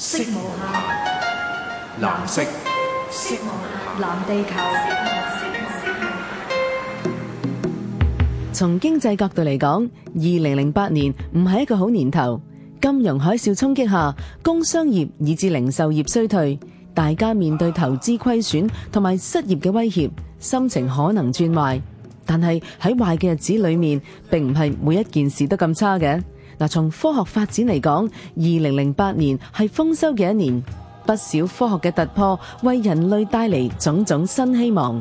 色無下，藍色。色無下，藍地球。從經濟角度嚟講，二零零八年唔係一個好年頭，金融海嘯衝擊下，工商業以至零售業衰退，大家面對投資虧損同埋失業嘅威脅，心情可能轉壞。但係喺壞嘅日子裏面，並唔係每一件事都咁差嘅。嗱，從科學發展嚟講，二零零八年係豐收嘅一年，不少科學嘅突破為人類帶嚟種種新希望。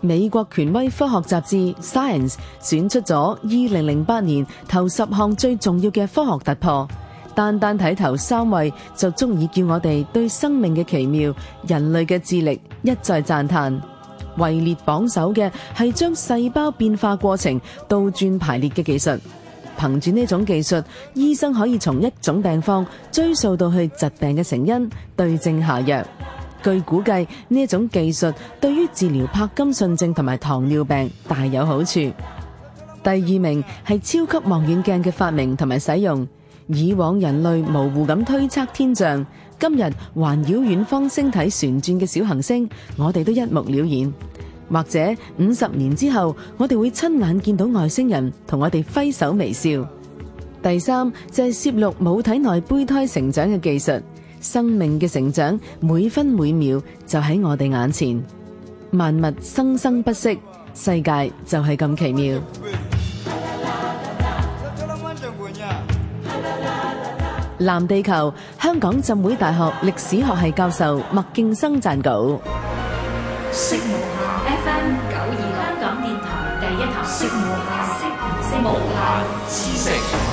美國權威科學雜誌《Science》選出咗二零零八年頭十項最重要嘅科學突破，單單睇頭三位就足以叫我哋對生命嘅奇妙、人類嘅智力一再讚嘆。位列榜首嘅係將細胞變化過程倒轉排列嘅技術。憑住呢種技術，醫生可以從一種病況追溯到去疾病嘅成因，對症下藥。據估計，呢一種技術對於治療帕金遜症同埋糖尿病大有好處。第二名係超級望遠鏡嘅發明同埋使用，以往人類模糊咁推測天象，今日環繞遠方星體旋轉嘅小行星，我哋都一目了然。或者五十年之後，我哋會親眼見到外星人同我哋揮手微笑。第三就係攝錄母體內胚胎成長嘅技術，生命嘅成長每分每秒就喺我哋眼前，萬物生生不息，世界就係咁奇妙。藍地球，香港浸會大學歷史學系教授麥勁生撰稿。FM 九二香港電台第一台，聲無限，聲無限，知識。